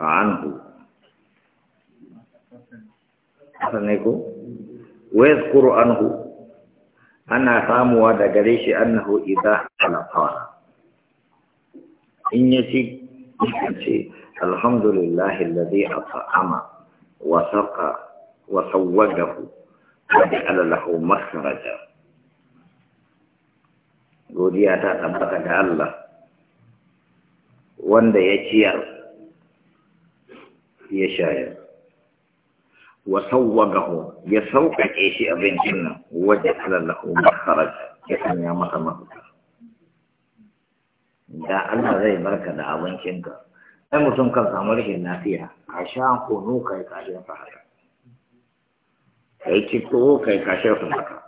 anhu asaniku wes qur'anhu ana samu da gare shi annahu idza talaqa inna shi ce alhamdulillah alladhi at'ama wa saqa wa sawwajahu wa ja'ala lahu godiya ta tabbata ga Allah wanda ya ciyar ya shayar wa sawwagahu ya sauƙaƙe shi abincin nan waje alallahu makharaj ya sanya masa mafita da Allah zai barka da abincinka sai mutum kan samu rikin lafiya a sha kono kai kashe sa haka kai ci kai kashe sa haka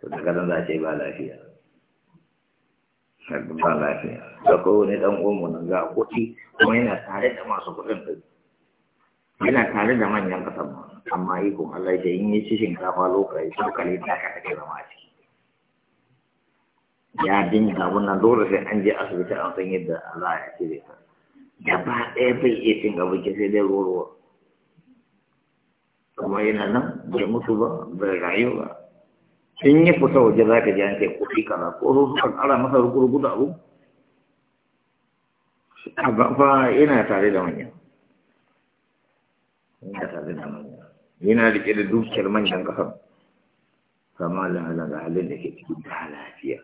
to daga nan za ce ba lafiya ba lafiya da kowane dan uwanmu nan ga kuɗi kuma yana tare da masu kuɗin da yana tare da manyan ƙasar mu amma ikon Allah ya in yi ci shinkafa lokaci sun kale ta ka take zama a ciki ya dinga wannan dole sai an je asibiti an san yadda Allah ya cire ta ba ɗaya bai iya cin abinci sai dai ruwa kuma yana nan bai mutu ba bai rayu ba in yi fita waje za ka ji an kai kuɗi kana ko so suka ƙara masa rugurugu da abu fa ina tare da manya ina tare da manya yana rike da dukiyar manyan ƙasar kama da da halin da ke cikin da lafiya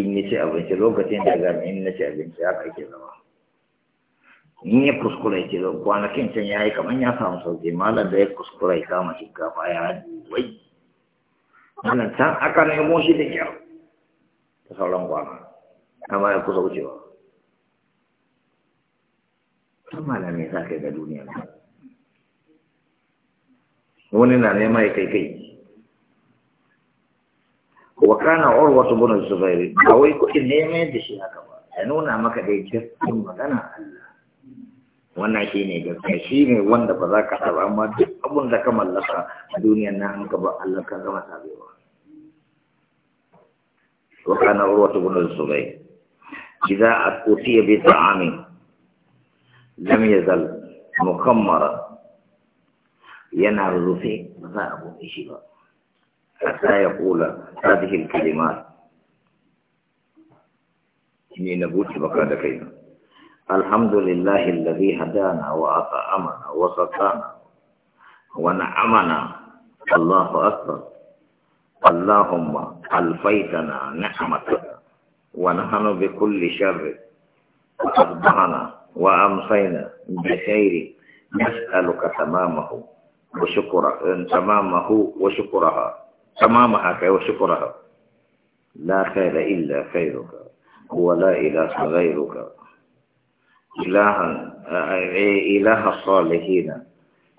in yi ci abinci lokacin da ga in na ci abinci haka ake zama in ya kuskura ya ce kwanakin can ya yi kamar ya samu sauke malar da ya kuskura ya kama shinkafa ya haɗu wai wannan can aka nemo shi da kyau ta sauran kwana amma ya kusa wucewa tun malamai za ka yi ga duniya wani na nema ya kai kai wa kana urwa ibn zubair ba wai kudin ne mai da shi haka ba ya nuna maka dai gaskiyar magana Allah wannan shine gaskiya ne wanda ba za ka taba amma duk abun da ka mallaka a duniyar nan ka ba Allah ka gama sabewa وكان عروة بن الزبير إذا أتي بطعام لم يزل مخمرا ينهر رفيق مذاهب إشبا حتى يقول هذه الكلمات إني نبوت بقى كينا الحمد لله الذي هدانا وأطعمنا وسقانا ونعمنا الله أكبر اللهم ألفيتنا نعمتك ونحن بكل شر أصبحنا وأمسينا بخير نسألك تمامه وشكره تمامه وشكرها تمامها كي وشكرها لا خير إلا خيرك ولا إله غيرك إله إله الصالحين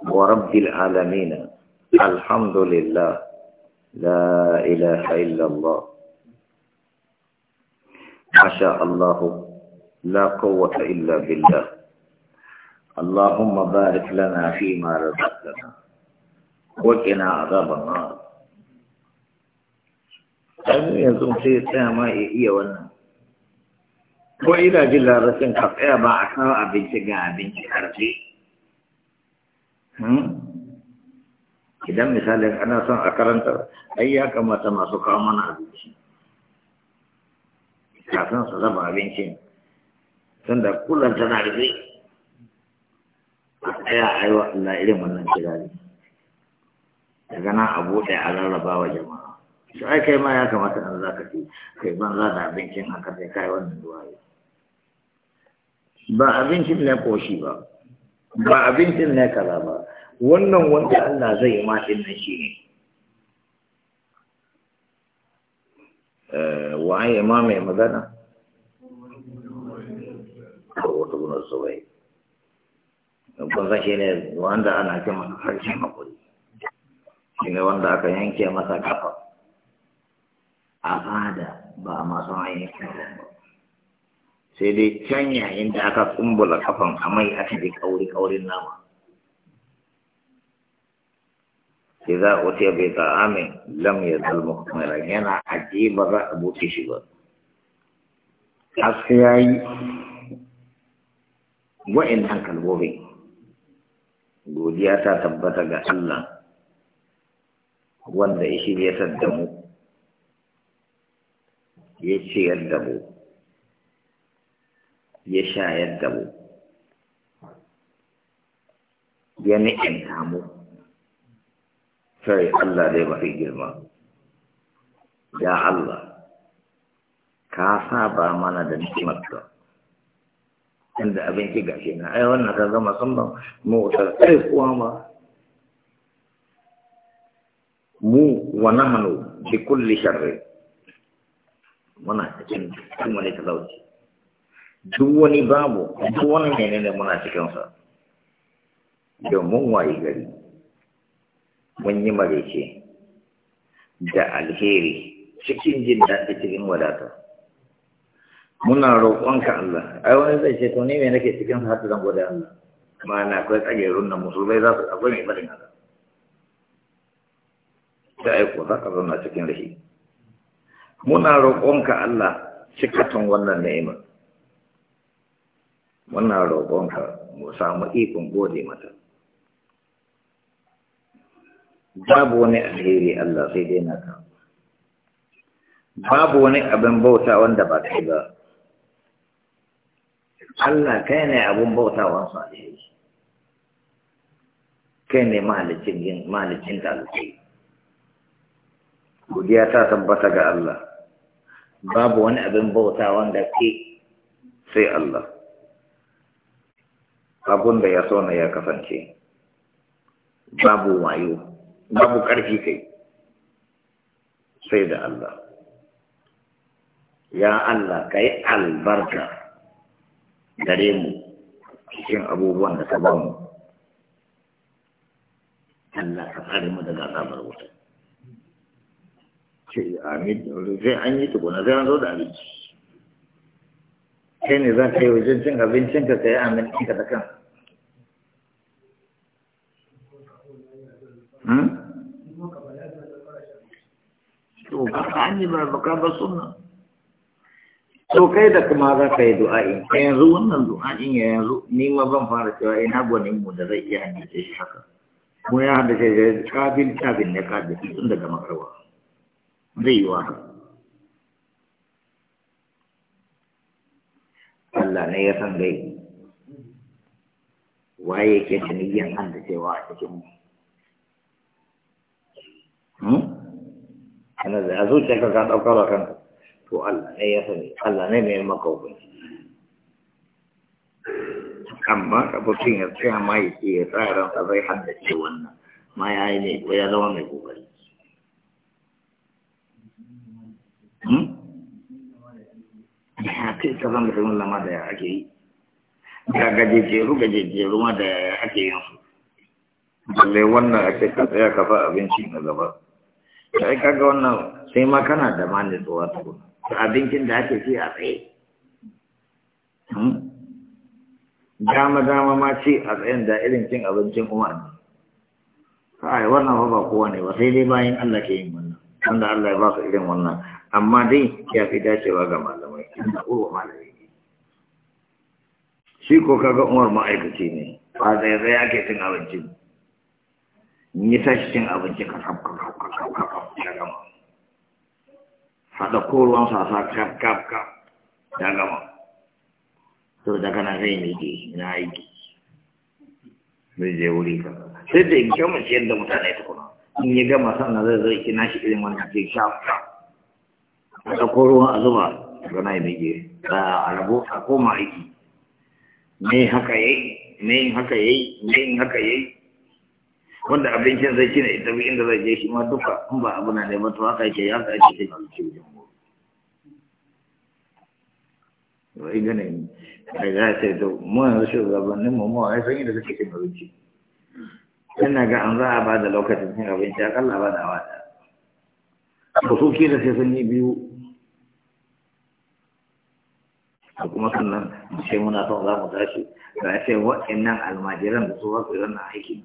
ورب العالمين الحمد لله لا إله إلا الله ما شاء الله لا قوة إلا بالله اللهم بارك لنا فيما رزقتنا وقنا عذاب النار أنا أيوة يزوم في السماء إيه ولا وإلى جل رسم قطع بعثنا أبنتك أبنتك idan misalin ana son a karanta ai ya kamata masu kawo mana abinci kafin su zama abincin tun da kullum tana rufe a tsaya a yi wa Allah irin wannan kirari daga nan a buɗe a rarraba wa jama'a su ai kai ma ya kamata an za ka ce kai ban za da abincin haka sai kai wannan duwaye ba abincin ne koshi ba ba abincin ne kaza ba wannan wanda Allah zai ma din nan shi ne eh, yi ma mai magana wata guna zuwai kun san shi ne wanda ana ce masa harshe hakuri shi ne wanda aka yanke masa kafa a fada ba a masu hanyar kafan ba sai dai can yayin da aka kumbula kafan a mai aka ji kauri kaurin nama إذا lam ya لم a مخمرا هنا عجيب رأب تشبه أصياي وإن أنك البوبي godiya ta tabbata ga Allah wanda ya shiryatar da mu ya ciyar da mu ya shayar da mu ya ni'imta mu sai Allah dai mafi girma ya Allah ka saba mana da ni'imarka inda abinci gashi na ai wannan ka zama musamman mu ta kai kuwa ma mu wa nahnu bi kulli sharri muna cikin cikin wani talauci duk wani babu duk wani menene muna cikinsa domin waye gari mun yi marece da alheri cikin jin daɗi cikin wadata muna roƙonka Allah ai wani zai ce to ne me nake cikin hatu zan gode Allah ma'ana akwai tsagerun na musulmai za su akwai mai barin haka ta aiko za ka zauna cikin rashi muna roƙonka Allah cikatun wannan ni'ima muna roƙonka mu samu ikon gode mata babu wani alheri Allah sai dai naka babu wani abin bauta wanda ba kai ba Allah kai ne abin bautawan su alheri kai ne malikin yin malikin da alheri godiya ta tabbata ga Allah babu wani abin bauta wanda ke sai Allah abun da ya so na ya kasance babu wayo babu ƙarfi kai sai da Allah ya Allah ka yi albarka gare mu cikin abubuwan da ka bamu. Allah ka tsare mu daga azabar wuta ce amin sai an yi tukuna sai an zo da abinci kai ne za ka yi wajen cin abincin ka sai amin ka da kan hmm? to ba an yi ba baka ba sunna to kai da kuma za ka yi du'a'in ka yanzu wannan du'a'in ya yanzu ni ma ban fara cewa ina eh, gwanin mu da zai iya haddace shi haka mu ya haddace da kafin kafin ne kafin tun daga makarwa zai yi wa Allah ne ya san gai waye ke yake da niyyan haddacewa a cikin mu hmm? kana da zuciyarka ka ɗaukar wa kanka to Allah ne ya sani Allah ne mai maka hukunci amma ka mutum ya tsaya ma ya ce ya tsaya ranka zai haddace wannan ma ya yi ne ko ya zama mai kokari ya kai ka zama da lama da ya ake yi ga gajejeru gajejeru ma da ya ake yin su balle wannan ake ka tsaya ka fa abinci na gaba sai kaga wannan sai ma kana da mani tsowa tukuna abincin da ake ci a tsaye hmm? dama dama ma ci a tsayen da irin cin abincin umar ne kai wannan ba kowa ne ba sai dai bayan Allah ke yin wannan wanda Allah ya ba su irin wannan amma dai ya fi dacewa ga malamai inda uwa malamai ne shi ko kaga umar ma'aikaci ne ba zai zai ake cin abincin. abinci yi tashi cin abinci ka sab ka haɗa koruwan sasa kaf kaf kaf ya gama to daga nan zai ne ke na aiki zai je wuri ka sai da in kama mace yadda mutane tukuna in yi gama sannan zai zai kina shi irin wannan ke kaf A haɗa koruwan a zuba daga nan ne ke a rabo a koma aiki me haka yayi me haka yayi me haka yayi wanda abincin zai ci ne ita bi inda zai je shi ma duka in ba abu na da ba to haka yake ya ka ce da shi wajen mu wai gane ni da za ta to mu yanzu shugabannin mu mu ai san inda zai cin abinci ina ga an za a ba da lokacin cin abinci akalla ba da awa ɗaya ba su ke da sai sun yi biyu da kuma sannan sai muna son za mu tashi ga sai nan almajiran da su ba su yi aiki.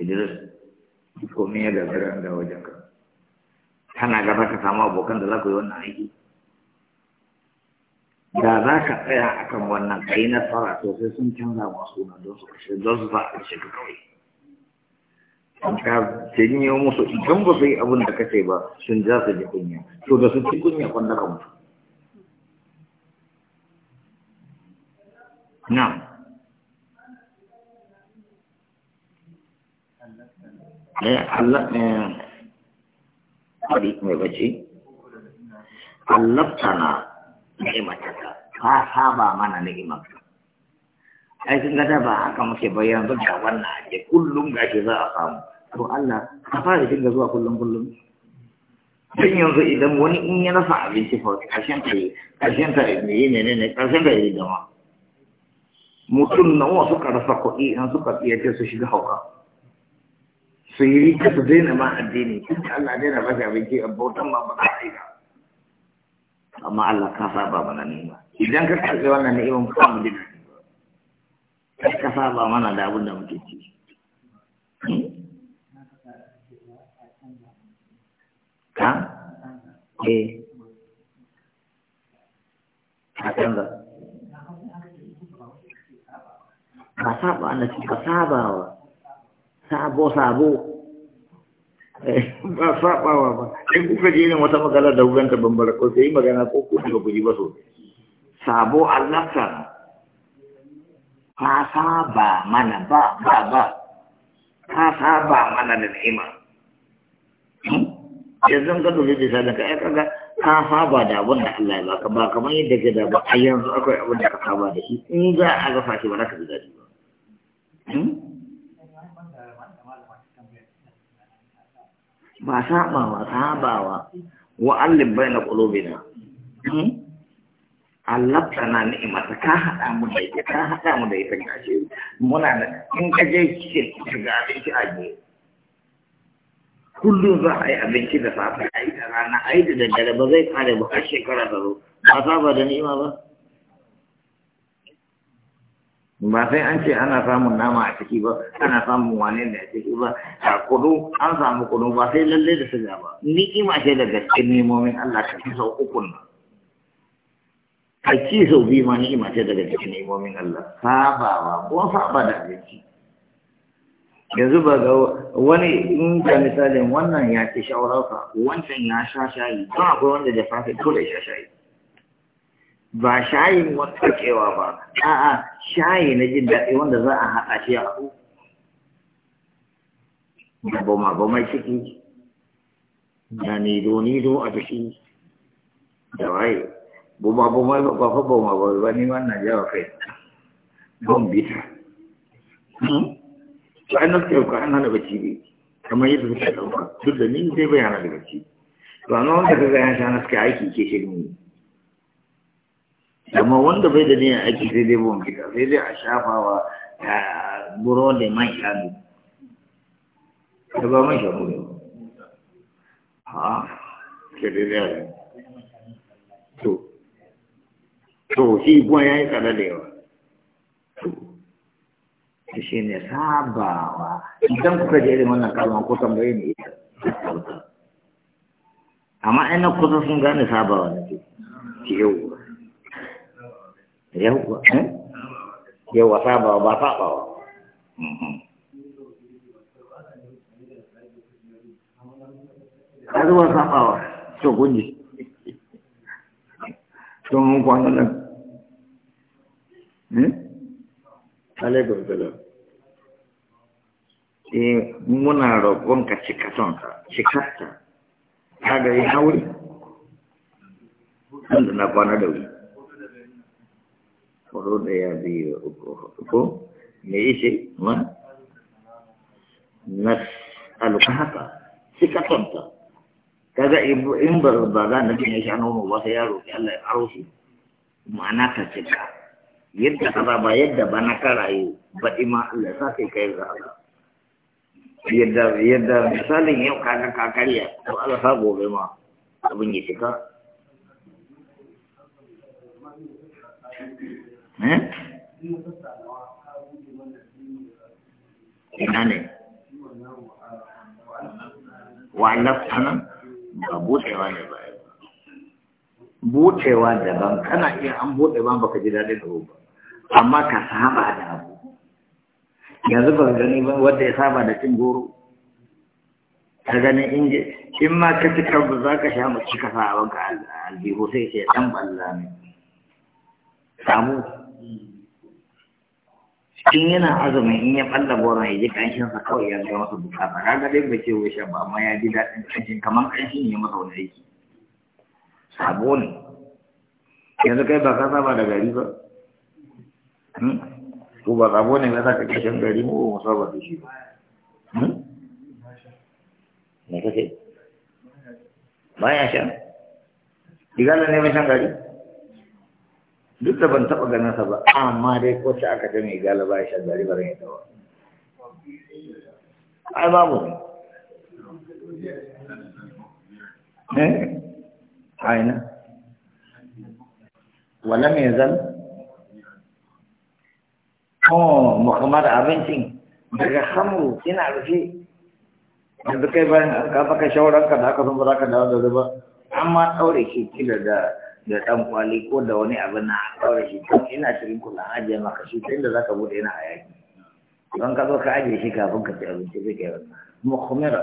Idris ko me ya da wajen ka kana gaba ka samu abokan da za ku yi wannan aiki da za ka tsaya a kan wannan kai nasara to sai sun canza masu suna don su kashe don su sa a shiga kawai an ka janyo musu idan ba su yi abin da kace ba sun ja su ji kunya to da su ci kunya kwandara mutu na'am Eh, eh, mai bace allabtana ni'imataka ka saba mana ni'imarka ai sun gada ba haka muke bayyana ba da wannan ake kullum ga ke za a samu to Allah ka fara dinga zuwa kullum kullum tun yanzu idan wani in ya rasa abinci fa kashin ta kashin ta ne ne ne kashin ta yi dama mutum nawa suka rasa kuɗi in suka tsiyace su shiga hauka su yi ka su daina ma addini in Allah daina ba shi abinci a bautan ma ba ka aika amma Allah ka saba mana nima idan ka karɓi wannan ni'imin ba mu dina kai ka saba mana da abin da muke ci ka eh ka canza ka saba Allah ka saba wa sabo sabo eh, ba saɓawa ba in kuka je irin wata magana da wuganta bambara ko sai magana ko ku daga kuji ba so sabo Allah ka ka saba mana ba ba ba ka saba mana da ni'ima hmm? yanzu ka dubi bisa da ka kaga ka saba da abin da Allah ya baka ba kamar yadda ke da ba a yanzu akwai abin da ka saba da shi in za a ga fashi ba za ka ji daɗi ba hmm? ba sabawa sabawa wa allin bayna qulubina hmm? Allah tana ni'imata ka hada mu da ita ka hada mu da ita gashi muna da in ka je ki shiga abinci a je kullum za a yi abinci da safe a yi da rana a yi da daddare ba zai kare ba har shekara ta zo ba saba da ni'ima ba ba sai an ce ana samun nama a ciki ba ana samun wane ne a ciki ba a kudu an samu kudu ba sai lalle da suga ba kima ce daga cikin nemomin Allah ka ci sau uku nan ka ci sau biyu ma kima ce daga cikin nemomin Allah sabawa ko saba da abinci yanzu ba ga wani in ga misalin wannan ya ci shawararsa wancan ya sha shayi don akwai wanda da safe dole ya sha shayi ba shayin wartsakewa ba a'a shayi na jin daɗi wanda za a haɗa shi a haɗu da boma mai ciki da nido nido a jiki da waye boma boma ba fa boma ba ba ni wannan jawa kai don bita hmm? to an nasu ka an hana bacci ne kamar yadda suka ɗauka duk da ni zai bayyana da bacci ba nan wanda ka gaya ya sha aiki ke shirin amma wanda bai da niyan aiki sai dai buwan gida sai dai a shafa a buro da man shanu ta ba mai shanu ne ha ke dai dai to to shi kuma ya yi tsada da yawa to shi ne sabawa idan kuka je irin wannan kalma ko tambaye ne ita amma ina kusa sun gane sabawa ne ke yau yawwa eh? yawwa sabawa ba sabawa mm-hmm. karuwar sabawa to kunji don mun kwana nan Kale hmm? salam eh muna roƙon ka cika sonka cikarta ka ga yi hauri wanda na kwana da wuri Huruf dia biyu uku uku. Ini isi ma. Nas alukahaka. Sikat contoh. Kaga ibu imbar baga nabi Isa numu wa sayaru ki Allah arusi. Mana ka cika. Yadda ka ba yadda bana ka rayu. Ba ima Allah sa kai kai ga Allah. Yadda yadda misalin yau kaga ka karya. To Allah sa gobe ma. Abin ya cika. Eh? ina ne wa'allafta nan ba buɗewa ne ba buɗewa daban kana iya an buɗe ba baka ji daɗin da ba amma ka saba da abu yanzu ba gani ba wanda ya saba da cin goro ka gani inje in ma ka ci karbu za ka sha mace ka sa abinka aljihu sai ce ɗan balla ne samu in yana azumi in ya balla goron ya ji kanshin sa kawai ya ga masa bukata kaga dai bai ce wai sha ba amma ya ji daɗin kanshin kamar kanshin ya masa wani aiki sabo ne yanzu kai ba ka saba da gari ba ko hmm? ba sabo ne ba za ka kashin gari mu ba saba da shi ba hmm? me kake baya sha digala ne mai shan gari duk da ban taɓa ganin sa ba amma dai ko ta aka ta mai galaba ya shagari ba ya tawa ai babu ne eh? aina wala me zan oh muhammad abincin daga hamu ina rufe yanzu kai bayan ka baka shawaran ka da aka zama ba ka da da zuba amma ɗaure shi kila da da ɗan kwali ko da wani abu na ɗaure shi don ina shirin kula ajiye maka shi ta inda za ka buɗe yana hayaki don ka zo ka ajiye shi kafin ka ci abinci zai kai wannan muhammara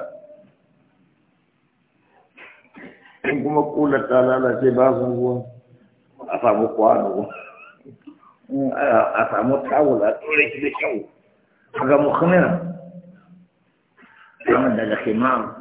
in kuma kula ta lalace ba su ruwa a samu kwano a samu tawul a ɗore shi da kyau ga muhammara kamar daga kimanin